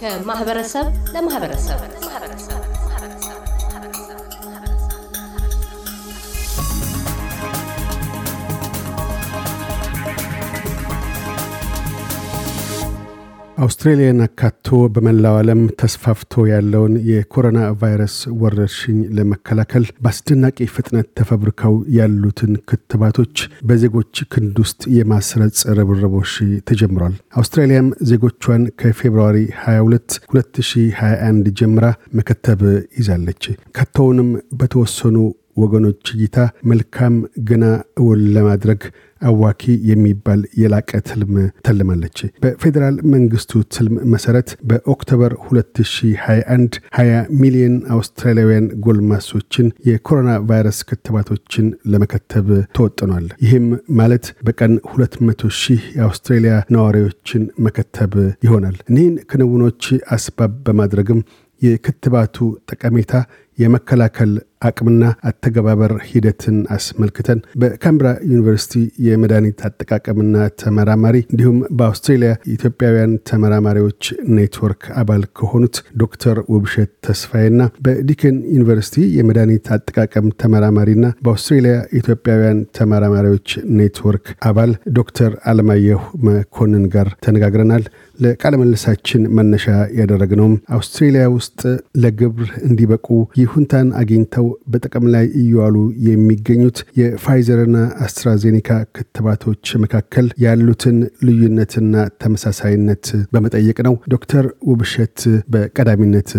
ከማህበረሰብ ለማህበረሰብ አውስትሬልያን አካቶ በመላው ዓለም ተስፋፍቶ ያለውን የኮሮና ቫይረስ ወረርሽኝ ለመከላከል በአስደናቂ ፍጥነት ተፈብርከው ያሉትን ክትባቶች በዜጎች ክንድ ውስጥ የማስረጽ ርብርቦሽ ተጀምሯል። አውስትራሊያም ዜጎቿን ከፌብርዋሪ 22 2021 ጀምራ መከተብ ይዛለች። ካቶውንም በተወሰኑ ወገኖች እይታ መልካም ግና እውን ለማድረግ አዋኪ የሚባል የላቀ ትልም ተልማለች። በፌዴራል መንግስቱ ትልም መሰረት በኦክቶበር 2021 20 ሚሊዮን አውስትራሊያውያን ጎልማሶችን የኮሮና ቫይረስ ክትባቶችን ለመከተብ ተወጥኗል። ይህም ማለት በቀን 200 ሺህ የአውስትራሊያ ነዋሪዎችን መከተብ ይሆናል። እኒህን ክንውኖች አስባብ በማድረግም የክትባቱ ጠቀሜታ የመከላከል አቅምና አተገባበር ሂደትን አስመልክተን በካምብራ ዩኒቨርሲቲ የመድኃኒት አጠቃቀምና ተመራማሪ እንዲሁም በአውስትሬልያ ኢትዮጵያውያን ተመራማሪዎች ኔትወርክ አባል ከሆኑት ዶክተር ውብሸት ተስፋዬና በዲከን ዩኒቨርሲቲ የመድኃኒት አጠቃቀም ተመራማሪና በአውስትሬልያ ኢትዮጵያውያን ተመራማሪዎች ኔትወርክ አባል ዶክተር አለማየሁ መኮንን ጋር ተነጋግረናል። ለቃለመልሳችን መነሻ ያደረግነውም አውስትሬልያ ውስጥ ለግብር እንዲበቁ ይሁንታን አግኝተው ተለይተው በጥቅም ላይ እየዋሉ የሚገኙት የፋይዘርና አስትራዜኒካ ክትባቶች መካከል ያሉትን ልዩነትና ተመሳሳይነት በመጠየቅ ነው። ዶክተር ውብሸት በቀዳሚነት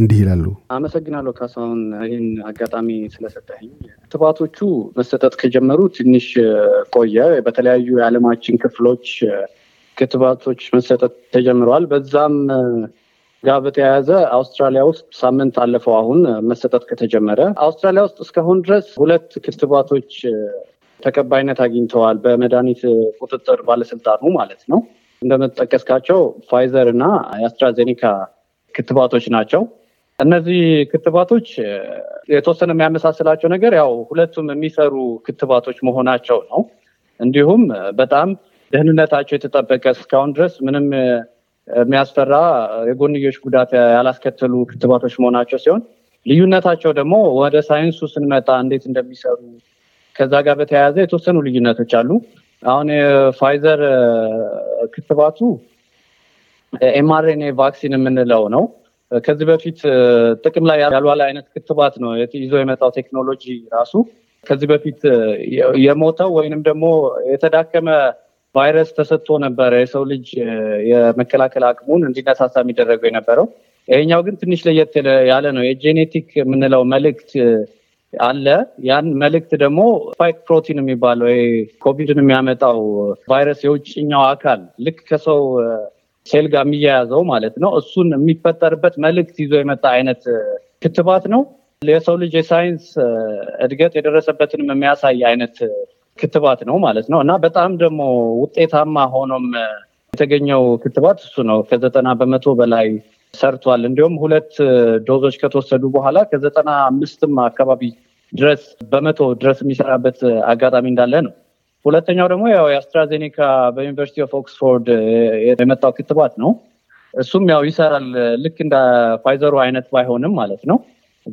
እንዲህ ይላሉ። አመሰግናለሁ ካሳሁን ይህን አጋጣሚ ስለሰጠኝ። ክትባቶቹ መሰጠት ከጀመሩ ትንሽ ቆየ። በተለያዩ የዓለማችን ክፍሎች ክትባቶች መሰጠት ተጀምረዋል። በዛም ጋር በተያያዘ አውስትራሊያ ውስጥ ሳምንት አለፈው አሁን መሰጠት ከተጀመረ አውስትራሊያ ውስጥ እስካሁን ድረስ ሁለት ክትባቶች ተቀባይነት አግኝተዋል። በመድኃኒት ቁጥጥር ባለስልጣኑ ማለት ነው። እንደመጠቀስካቸው ፋይዘር እና የአስትራዜኒካ ክትባቶች ናቸው። እነዚህ ክትባቶች የተወሰነ የሚያመሳስላቸው ነገር ያው ሁለቱም የሚሰሩ ክትባቶች መሆናቸው ነው። እንዲሁም በጣም ደህንነታቸው የተጠበቀ እስካሁን ድረስ ምንም የሚያስፈራ የጎንዮሽ ጉዳት ያላስከተሉ ክትባቶች መሆናቸው ሲሆን ልዩነታቸው ደግሞ ወደ ሳይንሱ ስንመጣ እንዴት እንደሚሰሩ ከዛ ጋር በተያያዘ የተወሰኑ ልዩነቶች አሉ። አሁን የፋይዘር ክትባቱ ኤምአርኤንኤ ቫክሲን የምንለው ነው። ከዚህ በፊት ጥቅም ላይ ያልዋለ አይነት ክትባት ነው ይዞ የመጣው ቴክኖሎጂ ራሱ ከዚህ በፊት የሞተው ወይንም ደግሞ የተዳከመ ቫይረስ ተሰጥቶ ነበረ የሰው ልጅ የመከላከል አቅሙን እንዲነሳሳ የሚደረገው የነበረው። ይሄኛው ግን ትንሽ ለየት ያለ ነው። የጄኔቲክ የምንለው መልእክት አለ። ያን መልእክት ደግሞ ስፓይክ ፕሮቲን የሚባለው ኮቪድን የሚያመጣው ቫይረስ የውጭኛው አካል ልክ ከሰው ሴል ጋር የሚያያዘው ማለት ነው። እሱን የሚፈጠርበት መልእክት ይዞ የመጣ አይነት ክትባት ነው። የሰው ልጅ የሳይንስ እድገት የደረሰበትንም የሚያሳይ አይነት ክትባት ነው ማለት ነው እና በጣም ደግሞ ውጤታማ ሆኖም የተገኘው ክትባት እሱ ነው። ከዘጠና በመቶ በላይ ሰርቷል። እንዲሁም ሁለት ዶዞች ከተወሰዱ በኋላ ከዘጠና አምስትም አካባቢ ድረስ በመቶ ድረስ የሚሰራበት አጋጣሚ እንዳለ ነው። ሁለተኛው ደግሞ ያው የአስትራዜኔካ በዩኒቨርሲቲ ኦፍ ኦክስፎርድ የመጣው ክትባት ነው። እሱም ያው ይሰራል ልክ እንደ ፋይዘሩ አይነት ባይሆንም ማለት ነው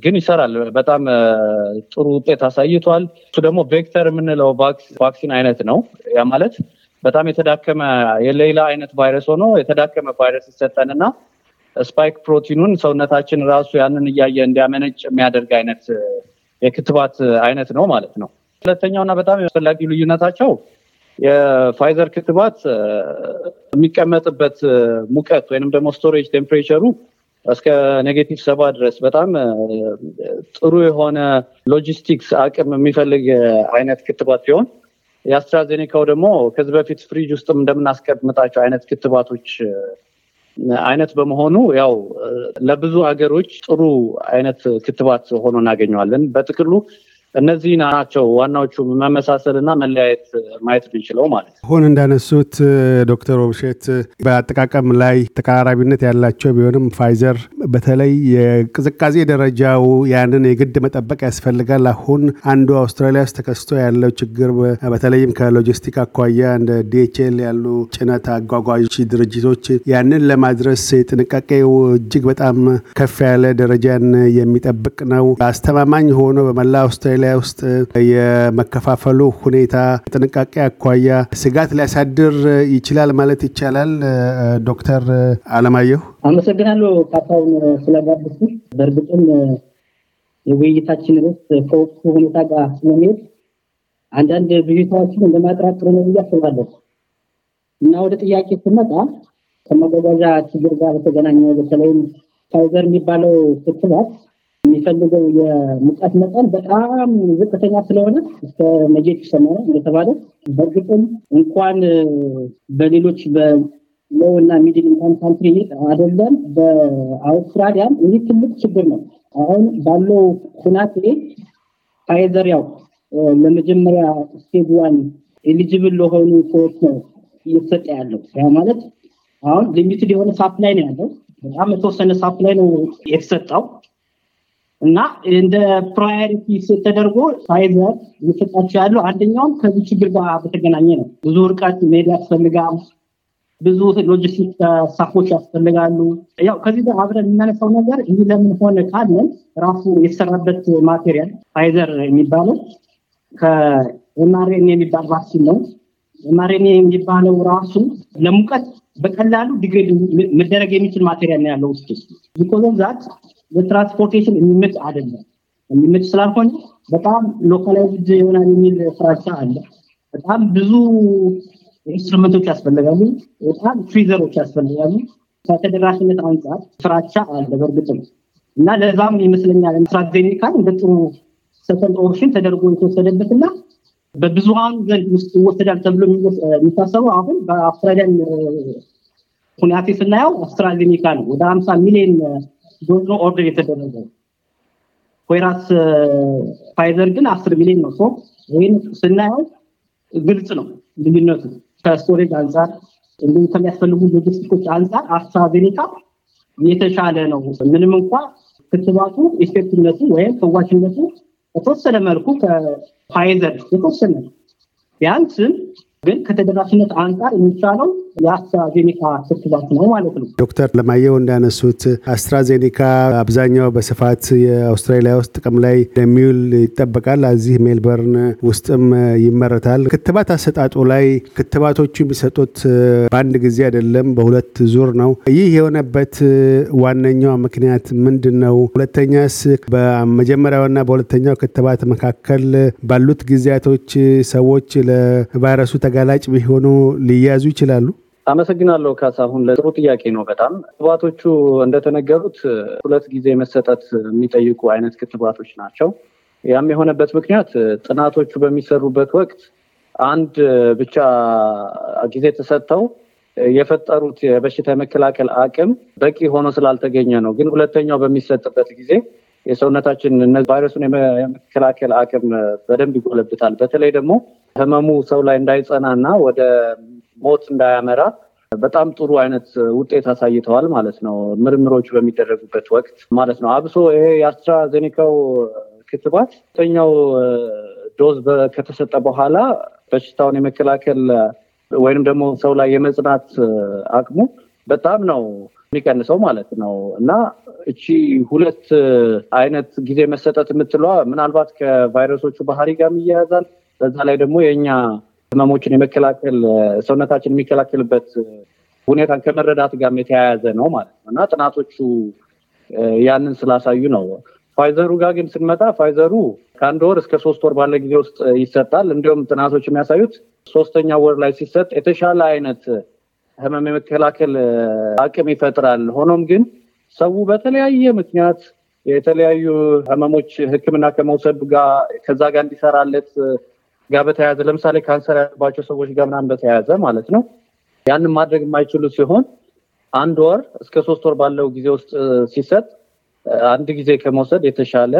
ግን ይሰራል። በጣም ጥሩ ውጤት አሳይቷል። እሱ ደግሞ ቬክተር የምንለው ቫክሲን አይነት ነው። ያ ማለት በጣም የተዳከመ የሌላ አይነት ቫይረስ ሆኖ የተዳከመ ቫይረስ ይሰጠንና ስፓይክ ፕሮቲኑን ሰውነታችን ራሱ ያንን እያየ እንዲያመነጭ የሚያደርግ አይነት የክትባት አይነት ነው ማለት ነው። ሁለተኛውና በጣም የፈላጊ ልዩነታቸው የፋይዘር ክትባት የሚቀመጥበት ሙቀት ወይንም ደግሞ ስቶሬጅ ቴምፕሬቸሩ እስከ ኔጌቲቭ ሰባ ድረስ በጣም ጥሩ የሆነ ሎጂስቲክስ አቅም የሚፈልግ አይነት ክትባት ሲሆን የአስትራዜኔካው ደግሞ ከዚህ በፊት ፍሪጅ ውስጥም እንደምናስቀምጣቸው አይነት ክትባቶች አይነት በመሆኑ ያው ለብዙ ሀገሮች ጥሩ አይነት ክትባት ሆኖ እናገኘዋለን። በጥቅሉ እነዚህ ናቸው ዋናዎቹ መመሳሰልና መለያየት ማየት ብንችለው ማለት ነው። አሁን እንዳነሱት ዶክተር ወብሸት በአጠቃቀም ላይ ተቀራራቢነት ያላቸው ቢሆንም ፋይዘር በተለይ የቅዝቃዜ ደረጃው ያንን የግድ መጠበቅ ያስፈልጋል። አሁን አንዱ አውስትራሊያ ውስጥ ተከስቶ ያለው ችግር በተለይም ከሎጂስቲክ አኳያ እንደ ዲኤችኤል ያሉ ጭነት አጓጓዥ ድርጅቶች ያንን ለማድረስ የጥንቃቄው እጅግ በጣም ከፍ ያለ ደረጃን የሚጠብቅ ነው። አስተማማኝ ሆኖ በመላ አውስትራ አውስትራሊያ ውስጥ የመከፋፈሉ ሁኔታ ጥንቃቄ አኳያ ስጋት ሊያሳድር ይችላል ማለት ይቻላል? ዶክተር አለማየሁ አመሰግናለሁ ካሳሁን ስለጋበስ። በእርግጥም የውይይታችን ርዕስ ከወቅቱ ሁኔታ ጋር ስለሚሄድ አንዳንድ ብዥታዎችን እንደማያጠራጥሩ ነው ብዬ አስባለሁ እና ወደ ጥያቄ ስመጣ ከመጓጓዣ ችግር ጋር በተገናኘ በተለይም ፋይዘር የሚባለው ክትባት የሚፈልገው የሙቀት መጠን በጣም ዝቅተኛ ስለሆነ እስከ መጌት ይሰመረ እንደተባለ በግጥም እንኳን በሌሎች በሎው እና ሚድል ኢንካም ካንትሪ አይደለም በአውስትራሊያም ይህ ትልቅ ችግር ነው። አሁን ባለው ሁናቴ ፋይዘር ያው ለመጀመሪያ ስቴጅ ዋን ኤሊጅብል ለሆኑ ሰዎች ነው እየተሰጠ ያለው። ያ ማለት አሁን ሊሚትድ የሆነ ሳፕላይ ነው ያለው። በጣም የተወሰነ ሳፕላይ ነው የተሰጠው። እና እንደ ፕራዮሪቲ ተደርጎ ሳይዘር እየሰጣቸው ያለው አንደኛውም ከዚህ ችግር ጋር በተገናኘ ነው። ብዙ እርቀት መሄድ ያስፈልጋል። ብዙ ሎጂስቲክ ሳፎች uh, ያስፈልጋሉ። ያው ከዚህ ጋር አብረን የምናነሳው ነገር ይህ ለምን ሆነ ካለን ራሱ የተሰራበት ማቴሪያል ፋይዘር የሚባለው ከኤምአርኤን የሚባል ቫክሲን ነው። ኤምአርኤን የሚባለው ራሱ ለሙቀት በቀላሉ ዲግሬድ መደረግ የሚችል ማቴሪያል ነው ያለው ውስጥ ዛት ለትራንስፖርቴሽን የሚመች አይደለም። የሚመች ስላልሆነ በጣም ሎካላይዝድ ይሆናል የሚል ፍራቻ አለ። በጣም ብዙ ኢንስትሩመንቶች ያስፈልጋሉ። በጣም ፍሪዘሮች ያስፈልጋሉ። ከተደራሽነት አንጻር ፍራቻ አለ በእርግጥም እና ለዛም ይመስለኛል ስትራቴጂካ እንደ ጥሩ ሰከንድ ኦፕሽን ተደርጎ የተወሰደበት እና በብዙሃኑ ዘንድ ውስጥ ይወሰዳል ተብሎ የሚታሰበው አሁን በአውስትራሊያን ሁኔታ ስናየው አስትራዜኒካ ነው ወደ ሀምሳ ሚሊዮን ዶዞ ኦርደር የተደረገ ወይራስ ፋይዘር uh, ግን አስር ሚሊዮን ነው። ይህን ስናየው ግልጽ ነው ልዩነቱ ከስቶሬጅ አንጻር እንዲሁም ከሚያስፈልጉ ሎጂስቲኮች አንጻር አስትራዜኔካ የተሻለ ነው። ምንም እንኳ ክትባቱ ኢፌክትነቱ ወይም ፈዋሽነቱ በተወሰነ መልኩ ከፋይዘር የተወሰነ ቢያንስም ግን ከተደራሽነት አንጻር የሚቻለው የአስትራዜኒካ ክትባት ነው ማለት ነው። ዶክተር ለማየው እንዳነሱት አስትራዜኒካ አብዛኛው በስፋት የአውስትራሊያ ውስጥ ጥቅም ላይ እንደሚውል ይጠበቃል። እዚህ ሜልበርን ውስጥም ይመረታል። ክትባት አሰጣጡ ላይ ክትባቶቹ የሚሰጡት በአንድ ጊዜ አይደለም፣ በሁለት ዙር ነው። ይህ የሆነበት ዋነኛው ምክንያት ምንድን ነው? ሁለተኛስ በመጀመሪያውና በሁለተኛው ክትባት መካከል ባሉት ጊዜያቶች ሰዎች ለቫይረሱ ተጋላጭ ቢሆኑ ሊያዙ ይችላሉ? አመሰግናለሁ ካሳሁን፣ ለጥሩ ጥያቄ ነው። በጣም ክትባቶቹ እንደተነገሩት ሁለት ጊዜ መሰጠት የሚጠይቁ አይነት ክትባቶች ናቸው። ያም የሆነበት ምክንያት ጥናቶቹ በሚሰሩበት ወቅት አንድ ብቻ ጊዜ ተሰጥተው የፈጠሩት የበሽታ የመከላከል አቅም በቂ ሆኖ ስላልተገኘ ነው። ግን ሁለተኛው በሚሰጥበት ጊዜ የሰውነታችን ቫይረሱን የመከላከል አቅም በደንብ ይጎለብታል። በተለይ ደግሞ ህመሙ ሰው ላይ እንዳይጸናና ወደ ሞት እንዳያመራ በጣም ጥሩ አይነት ውጤት አሳይተዋል ማለት ነው። ምርምሮቹ በሚደረጉበት ወቅት ማለት ነው። አብሶ ይሄ የአስትራዜኔካው ክትባት ተኛው ዶዝ ከተሰጠ በኋላ በሽታውን የመከላከል ወይንም ደግሞ ሰው ላይ የመጽናት አቅሙ በጣም ነው የሚቀንሰው ማለት ነው እና እቺ ሁለት አይነት ጊዜ መሰጠት የምትለዋ ምናልባት ከቫይረሶቹ ባህሪ ጋር ይያያዛል። በዛ ላይ ደግሞ የእኛ ህመሞችን የመከላከል ሰውነታችን የሚከላከልበት ሁኔታን ከመረዳት ጋር የተያያዘ ነው ማለት ነው እና ጥናቶቹ ያንን ስላሳዩ ነው። ፋይዘሩ ጋር ግን ስንመጣ ፋይዘሩ ከአንድ ወር እስከ ሶስት ወር ባለ ጊዜ ውስጥ ይሰጣል። እንዲሁም ጥናቶች የሚያሳዩት ሶስተኛ ወር ላይ ሲሰጥ የተሻለ አይነት ህመም የመከላከል አቅም ይፈጥራል። ሆኖም ግን ሰው በተለያየ ምክንያት የተለያዩ ህመሞች ህክምና ከመውሰዱ ጋር ከዛ ጋር እንዲሰራለት ጋር በተያያዘ ለምሳሌ ካንሰር ያለባቸው ሰዎች ጋር ምናምን በተያያዘ ማለት ነው ያንን ማድረግ የማይችሉ ሲሆን አንድ ወር እስከ ሶስት ወር ባለው ጊዜ ውስጥ ሲሰጥ አንድ ጊዜ ከመውሰድ የተሻለ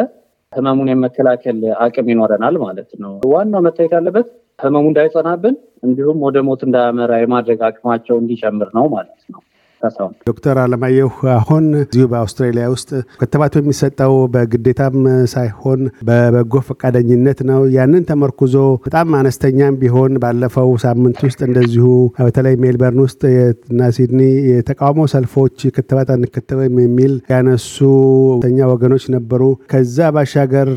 ህመሙን የመከላከል አቅም ይኖረናል ማለት ነው። ዋናው መታየት ያለበት ህመሙ እንዳይጸናብን እንዲሁም ወደ ሞት እንዳያመራ የማድረግ አቅማቸው እንዲጨምር ነው ማለት ነው። ካሳሁን። ዶክተር አለማየሁ አሁን እዚሁ በአውስትራሊያ ውስጥ ክትባቱ የሚሰጠው በግዴታም ሳይሆን በበጎ ፈቃደኝነት ነው። ያንን ተመርኩዞ በጣም አነስተኛም ቢሆን ባለፈው ሳምንት ውስጥ እንደዚሁ በተለይ ሜልበርን ውስጥ እና ሲድኒ የተቃውሞ ሰልፎች ክትባት አንከተበም የሚል ያነሱ ተኛ ወገኖች ነበሩ። ከዛ ባሻገር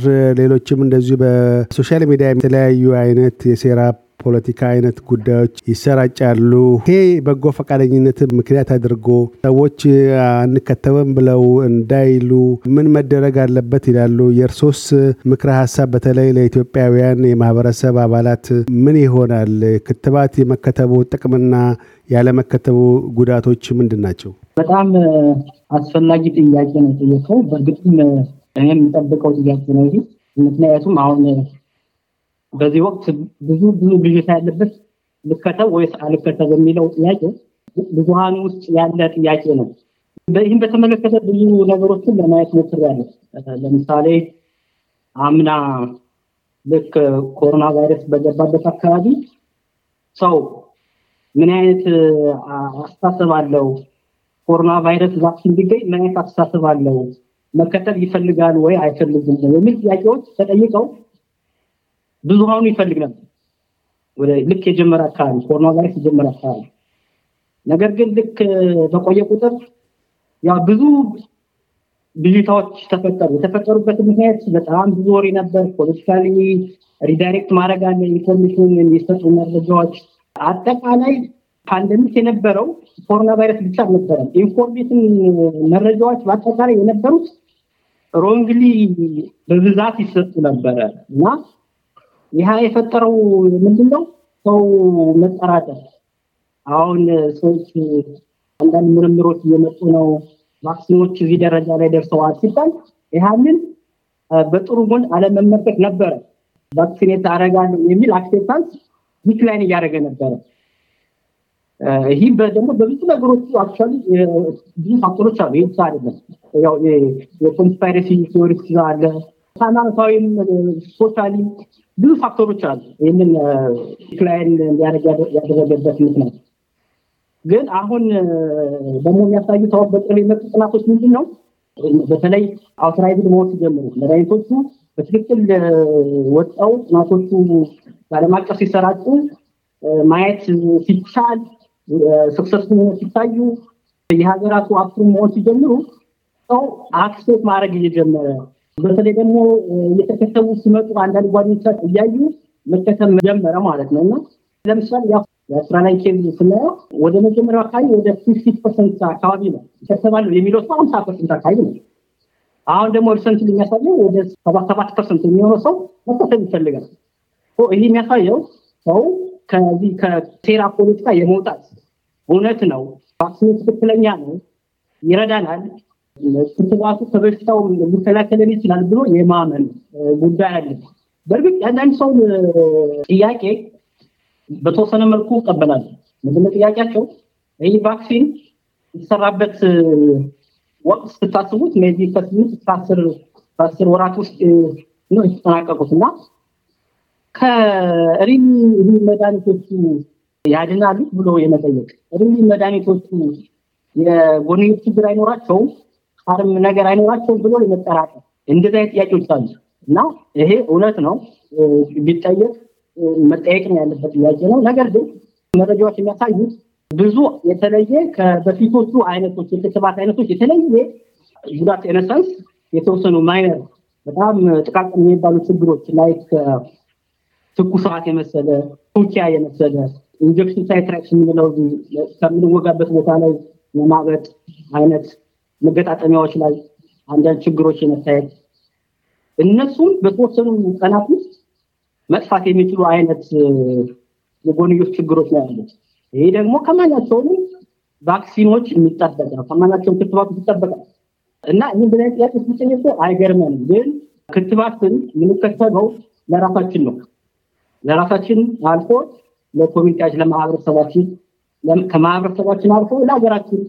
ሌሎችም እንደዚሁ በሶሻል ሚዲያ የተለያዩ አይነት የሴራ ፖለቲካ አይነት ጉዳዮች ይሰራጫሉ። ይሄ በጎ ፈቃደኝነት ምክንያት አድርጎ ሰዎች አንከተበም ብለው እንዳይሉ ምን መደረግ አለበት ይላሉ? የእርሶስ ምክረ ሀሳብ በተለይ ለኢትዮጵያውያን የማህበረሰብ አባላት ምን ይሆናል? ክትባት የመከተቡ ጥቅምና ያለመከተቡ ጉዳቶች ምንድን ናቸው? በጣም አስፈላጊ ጥያቄ ነው የጠየቀው። በእርግጥም እኔ የምጠብቀው ጥያቄ ነው። ምክንያቱም አሁን በዚህ ወቅት ብዙ ብዙ ብዥታ ያለበት ልከተብ ወይስ አልከተብ የሚለው ጥያቄ ብዙሀን ውስጥ ያለ ጥያቄ ነው። ይህም በተመለከተ ብዙ ነገሮችን ለማየት ሞክሬያለሁ። ለምሳሌ አምና ልክ ኮሮና ቫይረስ በገባበት አካባቢ ሰው ምን አይነት አስተሳሰብ አለው? ኮሮና ቫይረስ ቫክሲን ቢገኝ ምን አይነት አስተሳሰብ አለው? መከተል ይፈልጋል ወይ አይፈልግም የሚል ጥያቄዎች ተጠይቀው ብዙሃኑ ይፈልግ ነበር ወደ ልክ የጀመረ አካባቢ ኮሮና የጀመረ አካባቢ ነገር ግን ልክ በቆየ ቁጥር ያ ብዙ ብዥታዎች ተፈጠሩ። የተፈጠሩበት ምክንያት በጣም ብዙ ወሬ ነበር። ፖለቲካሊ ሪዳይሬክት ማድረግ አለ፣ ኢንፎርሜሽን የሚሰጡ መረጃዎች። አጠቃላይ ፓንደሚክ የነበረው ኮሮና ቫይረስ ብቻ አልነበረም። ኢንፎርሜሽን መረጃዎች በአጠቃላይ የነበሩት ሮንግሊ በብዛት ይሰጡ ነበረ እና ይህ የፈጠረው ምንድን ነው? ሰው መጠራጠር። አሁን ሰዎች አንዳንድ ምርምሮች እየመጡ ነው፣ ቫክሲኖች እዚህ ደረጃ ላይ ደርሰዋል ሲባል ይህንን በጥሩ ጎን አለመመልከት ነበረ። ቫክሲኔት አደርጋለሁ የሚል አክሴፕታንስ ላይን እያደረገ ነበረ። ይህ ደግሞ በብዙ ነገሮች አክቹዋሊ ብዙ ፋክተሮች አሉ። ይህ አይደለም የኮንስፓይረሲ ቴዎሪስ አለ ሃይማኖታዊም ሶሻሊም ብዙ ፋክተሮች አሉ። ይህንን ክላይን ያደረገበት ምክንያት ግን አሁን ደግሞ የሚያሳዩ አሁን በቅርብ የመጡ ጥናቶች ምንድን ነው? በተለይ አውትራይድ መሆን ሲጀምሩ መድኃኒቶቹ በትክክል ወጣው ጥናቶቹ በዓለም አቀፍ ሲሰራጩ ማየት ሲቻል ስክሰስ ሲታዩ የሀገራቱ አፕሩ መሆን ሲጀምሩ ሰው አክሴት ማድረግ እየጀመረ በተለይ ደግሞ እየተከተቡ ሲመጡ አንዳንድ ጓደኞቻቸው እያዩ መከተብ ጀመረ ማለት ነው እና ለምሳሌ ላይ ኬዝ ስናየው ወደ መጀመሪያው አካባቢ ወደ ፊፍቲ ፐርሰንት አካባቢ ነው ይከተባሉ የሚለው ሰው አምሳ ፐርሰንት አካባቢ ነው። አሁን ደግሞ ሪሰንት የሚያሳየው ወደ ሰባ ሰባት ፐርሰንት የሚሆነው ሰው መከተብ ይፈልጋል። ይህ የሚያሳየው ሰው ከዚህ ከሴራ ፖለቲካ የመውጣት እውነት ነው፣ ቫክሲኑ ትክክለኛ ነው፣ ይረዳናል ክትባቱ ከበሽታው ሊከላከለን ይችላል ብሎ የማመን ጉዳይ አለ። በእርግጥ አንዳንድ ሰው ጥያቄ በተወሰነ መልኩ እቀበላለሁ። ምንድነው ጥያቄያቸው? ይህ ቫክሲን የተሰራበት ወቅት ስታስቡት እነዚህ ከስምንት እስከ አስር ወራት ውስጥ ነው የተጠናቀቁት እና ከሪሚ መድኃኒቶቹ ያድናሉ ብሎ የመጠየቅ ሪሚ መድኃኒቶቹ የጎንዮሽ ችግር አይኖራቸውም አርም ነገር አይኖራቸውም ብሎ የመጠራጠር እንደዚህ አይነት ጥያቄዎች አሉ እና ይሄ እውነት ነው ቢጠየቅ መጠየቅ ነው ያለበት ጥያቄ ነው። ነገር ግን መረጃዎች የሚያሳዩት ብዙ የተለየ ከበፊቶቹ አይነቶች የክትባት አይነቶች የተለየ ጉዳት ኢነሰንስ የተወሰኑ ማይነር በጣም ጥቃቅን የሚባሉ ችግሮች ላይ ትኩሳት የመሰለ ቱኪያ የመሰለ ኢንጀክሽን ሳይት ሪአክሽን የምንለው ከምንወጋበት ቦታ ላይ የማበጥ አይነት መገጣጠሚያዎች ላይ አንዳንድ ችግሮች የመታየት እነሱም በተወሰኑ ቀናት ውስጥ መጥፋት የሚችሉ አይነት የጎንዮሽ ችግሮች ላይ ያሉት። ይሄ ደግሞ ከማናቸውም ቫክሲኖች የሚጠበቅ ነው፣ ከማናቸውም ክትባቱ ይጠበቃል እና ይህ ብለ ጥያቄ ስጠየቁ አይገርመን። ግን ክትባትን የምንከተለው ለራሳችን ነው ለራሳችን አልፎ ለኮሚኒቲያችን፣ ለማህበረሰባችን፣ ከማህበረሰባችን አልፎ ለሀገራችን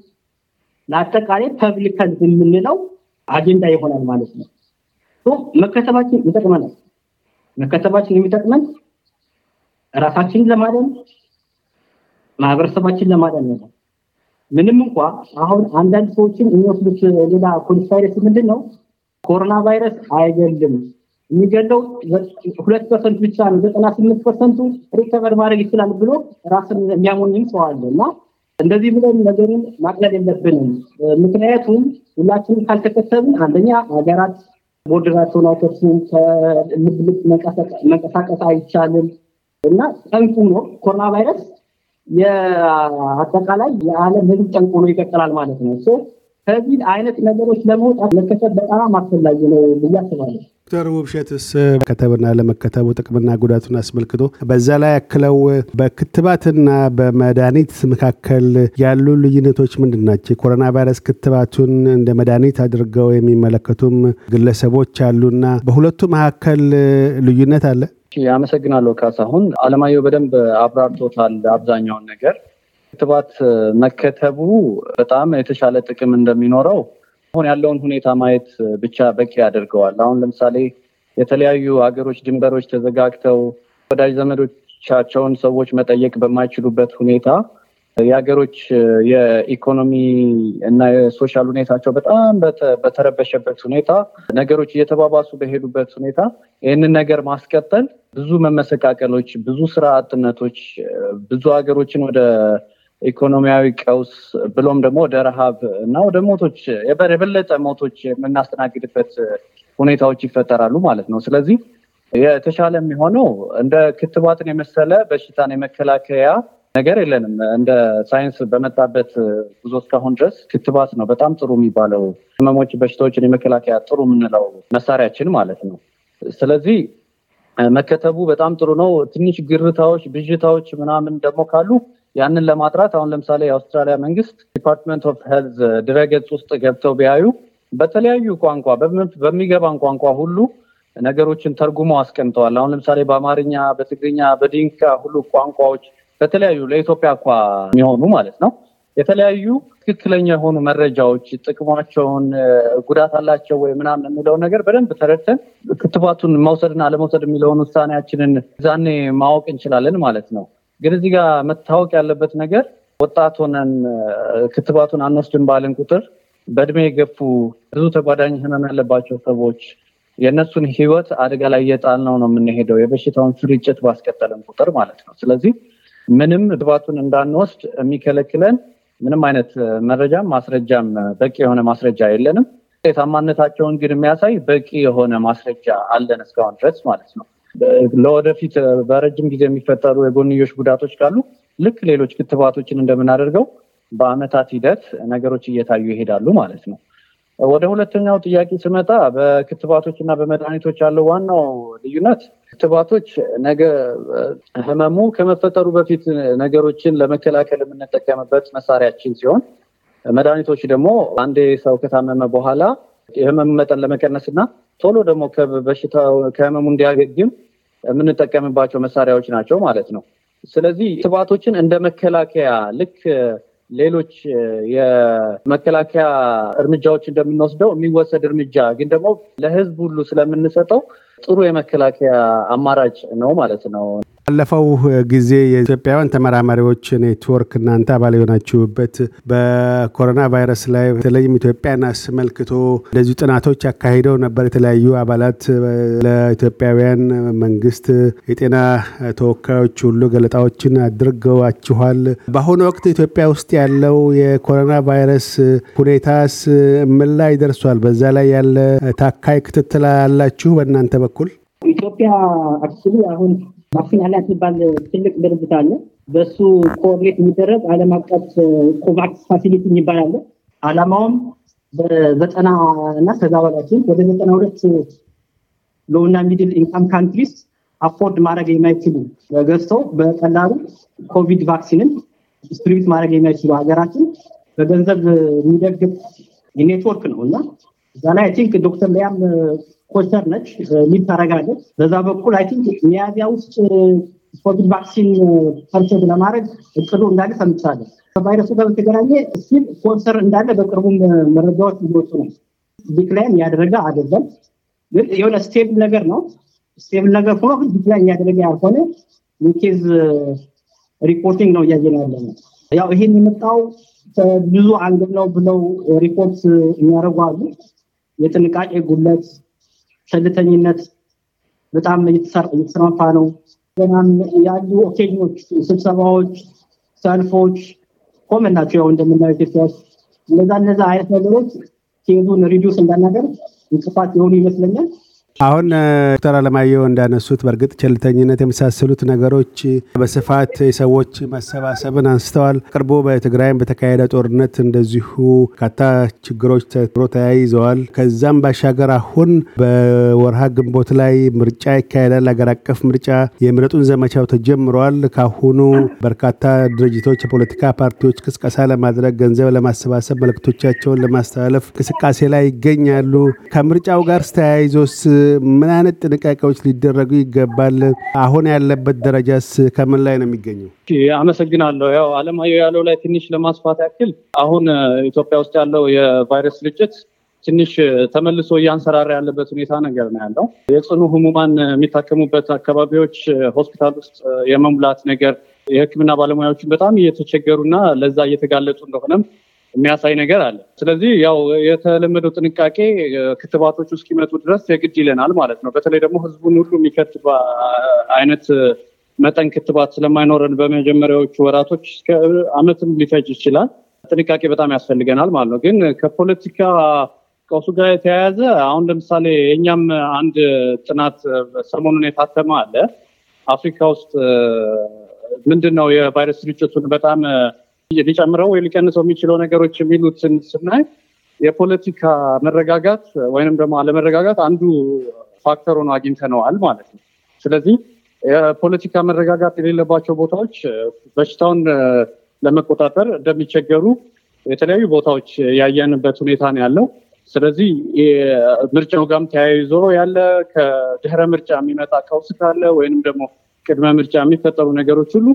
ለአጠቃላይ ፐብሊካን የምንለው አጀንዳ ይሆናል ማለት ነው። መከተባችን ይጠቅመናል። መከተባችን የሚጠቅመን ራሳችንን ለማደን ማህበረሰባችን ለማደን ነው። ምንም እንኳ አሁን አንዳንድ ሰዎችን የሚወስዱት ሌላ ፖሊስ ቫይረስ ምንድን ነው? ኮሮና ቫይረስ አይገልም። የሚገለው ሁለት ፐርሰንት ብቻ ነው። ዘጠና ስምንት ፐርሰንቱ ሪከቨር ማድረግ ይችላል ብሎ ራስን የሚያሞኝም ሰው አለ እና እንደዚህ ብለን ነገሩን ማቅለል የለብንም። ምክንያቱም ሁላችንም ካልተከተብን አንደኛ ሀገራት ቦርደራቸውን አይከፍቱም፣ ከልብልብ መንቀሳቀስ አይቻልም እና ጠንቁ ነው ኮሮና ቫይረስ የአጠቃላይ የዓለም ሕዝብ ጠንቁ ነው ይቀጥላል ማለት ነው። ከዚህ አይነት ነገሮች ለመውጣት መከተብ በጣም አስፈላጊ ነው ብዬ አስባለሁ። ዶክተር ውብሸትስ መከተብና ለመከተቡ ጥቅምና ጉዳቱን አስመልክቶ በዛ ላይ ያክለው በክትባትና በመድኃኒት መካከል ያሉ ልዩነቶች ምንድን ናቸው? የኮሮና ቫይረስ ክትባቱን እንደ መድኃኒት አድርገው የሚመለከቱም ግለሰቦች አሉና በሁለቱ መካከል ልዩነት አለ? አመሰግናለሁ ካሳሁን። አለማየሁ በደንብ አብራርቶታል አብዛኛውን ነገር ክትባት መከተቡ በጣም የተሻለ ጥቅም እንደሚኖረው አሁን ያለውን ሁኔታ ማየት ብቻ በቂ ያደርገዋል። አሁን ለምሳሌ የተለያዩ ሀገሮች ድንበሮች ተዘጋግተው ወዳጅ ዘመዶቻቸውን ሰዎች መጠየቅ በማይችሉበት ሁኔታ የሀገሮች የኢኮኖሚ እና የሶሻል ሁኔታቸው በጣም በተረበሸበት ሁኔታ ነገሮች እየተባባሱ በሄዱበት ሁኔታ ይህንን ነገር ማስቀጠል ብዙ መመሰቃቀሎች፣ ብዙ ስራ አጥነቶች፣ ብዙ ሀገሮችን ወደ ኢኮኖሚያዊ ቀውስ ብሎም ደግሞ ወደ ረሃብ እና ወደ ሞቶች የበለጠ ሞቶች የምናስተናግድበት ሁኔታዎች ይፈጠራሉ ማለት ነው። ስለዚህ የተሻለ የሚሆነው እንደ ክትባትን የመሰለ በሽታን የመከላከያ ነገር የለንም። እንደ ሳይንስ በመጣበት ጉዞ እስካሁን ድረስ ክትባት ነው በጣም ጥሩ የሚባለው ህመሞች፣ በሽታዎችን የመከላከያ ጥሩ የምንለው መሳሪያችን ማለት ነው። ስለዚህ መከተቡ በጣም ጥሩ ነው። ትንሽ ግርታዎች፣ ብዥታዎች ምናምን ደግሞ ካሉ ያንን ለማጥራት አሁን ለምሳሌ የአውስትራሊያ መንግስት ዲፓርትመንት ኦፍ ሄልዝ ድረገጽ ውስጥ ገብተው ቢያዩ በተለያዩ ቋንቋ በሚገባን ቋንቋ ሁሉ ነገሮችን ተርጉመው አስቀምጠዋል። አሁን ለምሳሌ በአማርኛ፣ በትግርኛ፣ በዲንካ ሁሉ ቋንቋዎች በተለያዩ ለኢትዮጵያ እኳ የሚሆኑ ማለት ነው የተለያዩ ትክክለኛ የሆኑ መረጃዎች ጥቅሟቸውን፣ ጉዳት አላቸው ወይ ምናምን የሚለውን ነገር በደንብ ተረድተን ክትባቱን መውሰድና ለመውሰድ የሚለውን ውሳኔያችንን ዛኔ ማወቅ እንችላለን ማለት ነው። ግን እዚህ ጋር መታወቅ ያለበት ነገር ወጣት ሆነን ክትባቱን አንወስድን ባለን ቁጥር በእድሜ የገፉ ብዙ ተጓዳኝ ህመም ያለባቸው ሰዎች የእነሱን ህይወት አደጋ ላይ እየጣልነው ነው የምንሄደው፣ የበሽታውን ስርጭት ባስቀጠለን ቁጥር ማለት ነው። ስለዚህ ምንም ክትባቱን እንዳንወስድ የሚከለክለን ምንም አይነት መረጃም ማስረጃም በቂ የሆነ ማስረጃ የለንም። የታማነታቸውን ግን የሚያሳይ በቂ የሆነ ማስረጃ አለን እስካሁን ድረስ ማለት ነው። ለወደፊት በረጅም ጊዜ የሚፈጠሩ የጎንዮሽ ጉዳቶች ካሉ ልክ ሌሎች ክትባቶችን እንደምናደርገው በአመታት ሂደት ነገሮች እየታዩ ይሄዳሉ ማለት ነው። ወደ ሁለተኛው ጥያቄ ስመጣ በክትባቶች እና በመድኃኒቶች ያለው ዋናው ልዩነት ክትባቶች ነገ ህመሙ ከመፈጠሩ በፊት ነገሮችን ለመከላከል የምንጠቀምበት መሳሪያችን ሲሆን መድኃኒቶች ደግሞ አንዴ ሰው ከታመመ በኋላ የህመም መጠን ለመቀነስ እና ቶሎ ደግሞ በሽታ ከህመሙ እንዲያገግም የምንጠቀምባቸው መሳሪያዎች ናቸው ማለት ነው። ስለዚህ ክትባቶችን እንደ መከላከያ ልክ ሌሎች የመከላከያ እርምጃዎች እንደምንወስደው የሚወሰድ እርምጃ ግን ደግሞ ለህዝብ ሁሉ ስለምንሰጠው ጥሩ የመከላከያ አማራጭ ነው ማለት ነው። ባለፈው ጊዜ የኢትዮጵያውያን ተመራማሪዎች ኔትወርክ እናንተ አባል የሆናችሁበት በኮሮና ቫይረስ ላይ በተለይም ኢትዮጵያን አስመልክቶ እንደዚሁ ጥናቶች አካሂደው ነበር። የተለያዩ አባላት ለኢትዮጵያውያን መንግስት የጤና ተወካዮች ሁሉ ገለጣዎችን አድርገዋችኋል። በአሁኑ ወቅት ኢትዮጵያ ውስጥ ያለው የኮሮና ቫይረስ ሁኔታስ ምን ላይ ደርሷል? በዛ ላይ ያለ ታካይ ክትትል አላችሁ በእናንተ በኩል? ኢትዮጵያ አክቹዋሊ አሁን አክሽን አላት የሚባል ትልቅ ድርጅት አለ። በእሱ ኮኦርዲኔት የሚደረግ ዓለም አቀፍ ኮቫክስ ፋሲሊቲ የሚባል አለ። አላማውም በዘጠና እና ከዛ በላችን ወደ ዘጠና ሁለት ሎና ሚድል ኢንካም ካንትሪስ አፎርድ ማድረግ የማይችሉ ገዝተው በቀላሉ ኮቪድ ቫክሲንን ዲስትሪቢዩት ማድረግ የማይችሉ ሀገራችን በገንዘብ የሚደግፍ ኔትወርክ ነው እና እዛ ላይ ቲንክ ዶክተር ሊያም ፖስተር ነች፣ ሊድ በዛ በኩል አይ ቲንክ ሚያዚያ ውስጥ ኮቪድ ቫክሲን ፐርቸዝ ለማድረግ እቅዱ እንዳለ ሰምቻለሁ። ከቫይረሱ ጋር በተገናኘ ሲል ኮንሰር እንዳለ በቅርቡም መረጃዎች እየወጡ ነው። ዲክላይን ያደረገ አይደለም፣ ግን የሆነ ስቴብል ነገር ነው። ስቴብል ነገር ሆኖ ግን ዲክላይን ያደረገ ያልሆነ ኬዝ ሪፖርቲንግ ነው እያየን ያለ ነው። ያው ይሄን የመጣው ብዙ አንግል ነው ብለው ሪፖርት የሚያደርጉ አሉ። የጥንቃቄ ጉለት ቸልተኝነት በጣም እየተስፋፋ ነው። ገናም ያሉ ኦኬዥኖች፣ ስብሰባዎች፣ ሰልፎች ኮመን ናቸው። ያው እንደምናየው ኢትዮጵያ ውስጥ እነዛ እነዛ አይነት ነገሮች ሲሄዱን ሪዲስ እንዳናገር እንቅፋት የሆኑ ይመስለኛል። አሁን ዶክተር አለማየሁ እንዳነሱት በእርግጥ ቸልተኝነት የመሳሰሉት ነገሮች በስፋት የሰዎች መሰባሰብን አንስተዋል። ቅርቡ በትግራይም በተካሄደ ጦርነት እንደዚሁ በርካታ ችግሮች ተሮ ተያይዘዋል። ከዛም ባሻገር አሁን በወርሃ ግንቦት ላይ ምርጫ ይካሄዳል። አገር አቀፍ ምርጫ የምረጡን ዘመቻው ተጀምረዋል። ካሁኑ በርካታ ድርጅቶች፣ የፖለቲካ ፓርቲዎች ቅስቀሳ ለማድረግ ገንዘብ ለማሰባሰብ መልእክቶቻቸውን ለማስተላለፍ እንቅስቃሴ ላይ ይገኛሉ። ከምርጫው ጋር ስተያይዞስ ምን አይነት ጥንቃቄዎች ሊደረጉ ይገባል? አሁን ያለበት ደረጃስ ከምን ላይ ነው የሚገኘው? አመሰግናለሁ። ያው አለማየሁ ያለው ላይ ትንሽ ለማስፋት ያክል አሁን ኢትዮጵያ ውስጥ ያለው የቫይረስ ልጭት ትንሽ ተመልሶ እያንሰራራ ያለበት ሁኔታ ነገር ነው ያለው። የጽኑ ህሙማን የሚታከሙበት አካባቢዎች ሆስፒታል ውስጥ የመሙላት ነገር የህክምና ባለሙያዎችን በጣም እየተቸገሩና ለዛ እየተጋለጡ እንደሆነም የሚያሳይ ነገር አለ። ስለዚህ ያው የተለመደው ጥንቃቄ ክትባቶቹ እስኪመጡ ድረስ የግድ ይለናል ማለት ነው። በተለይ ደግሞ ህዝቡን ሁሉ የሚከት አይነት መጠን ክትባት ስለማይኖረን በመጀመሪያዎቹ ወራቶች እስከ አመትም ሊፈጅ ይችላል። ጥንቃቄ በጣም ያስፈልገናል ማለት ነው። ግን ከፖለቲካ ቀውሱ ጋር የተያያዘ አሁን ለምሳሌ የእኛም አንድ ጥናት ሰሞኑን የታተመ አለ። አፍሪካ ውስጥ ምንድን ነው የቫይረስ ስርጭቱን በጣም ሊጨምረው ወይ ሊቀንሰው የሚችለው ነገሮች የሚሉትን ስናይ የፖለቲካ መረጋጋት ወይንም ደግሞ አለመረጋጋት አንዱ ፋክተር ሆኖ አግኝተነዋል ማለት ነው። ስለዚህ የፖለቲካ መረጋጋት የሌለባቸው ቦታዎች በሽታውን ለመቆጣጠር እንደሚቸገሩ የተለያዩ ቦታዎች ያየንበት ሁኔታ ነው ያለው። ስለዚህ ምርጫው ጋርም ተያይዞ ያለ ከድህረ ምርጫ የሚመጣ ቀውስ ካለ ወይንም ደግሞ ቅድመ ምርጫ የሚፈጠሩ ነገሮች ሁሉ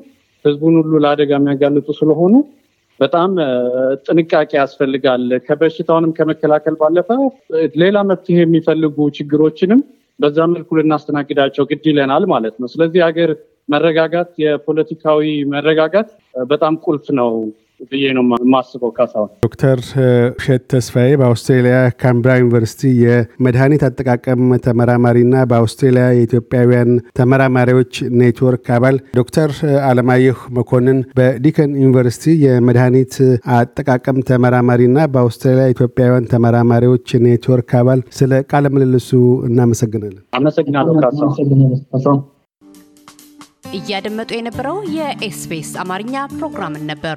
ህዝቡን ሁሉ ለአደጋ የሚያጋልጡ ስለሆኑ በጣም ጥንቃቄ ያስፈልጋል። ከበሽታውንም ከመከላከል ባለፈ ሌላ መፍትሄ የሚፈልጉ ችግሮችንም በዛ መልኩ ልናስተናግዳቸው ግድ ይለናል ማለት ነው። ስለዚህ ሀገር መረጋጋት፣ የፖለቲካዊ መረጋጋት በጣም ቁልፍ ነው። ብዬ ነው የማስበው። ካሳሁን ዶክተር ሸት ተስፋዬ በአውስትሬሊያ ካምብራ ዩኒቨርሲቲ የመድኃኒት አጠቃቀም ተመራማሪና በአውስትሬሊያ የኢትዮጵያውያን ተመራማሪዎች ኔትወርክ አባል፣ ዶክተር አለማየሁ መኮንን በዲከን ዩኒቨርሲቲ የመድኃኒት አጠቃቀም ተመራማሪና በአውስትሬሊያ ኢትዮጵያውያን ተመራማሪዎች ኔትወርክ አባል፣ ስለ ቃለ ምልልሱ እናመሰግናለን። አመሰግናለሁ እያደመጡ የነበረው የኤስፔስ አማርኛ ፕሮግራምን ነበር።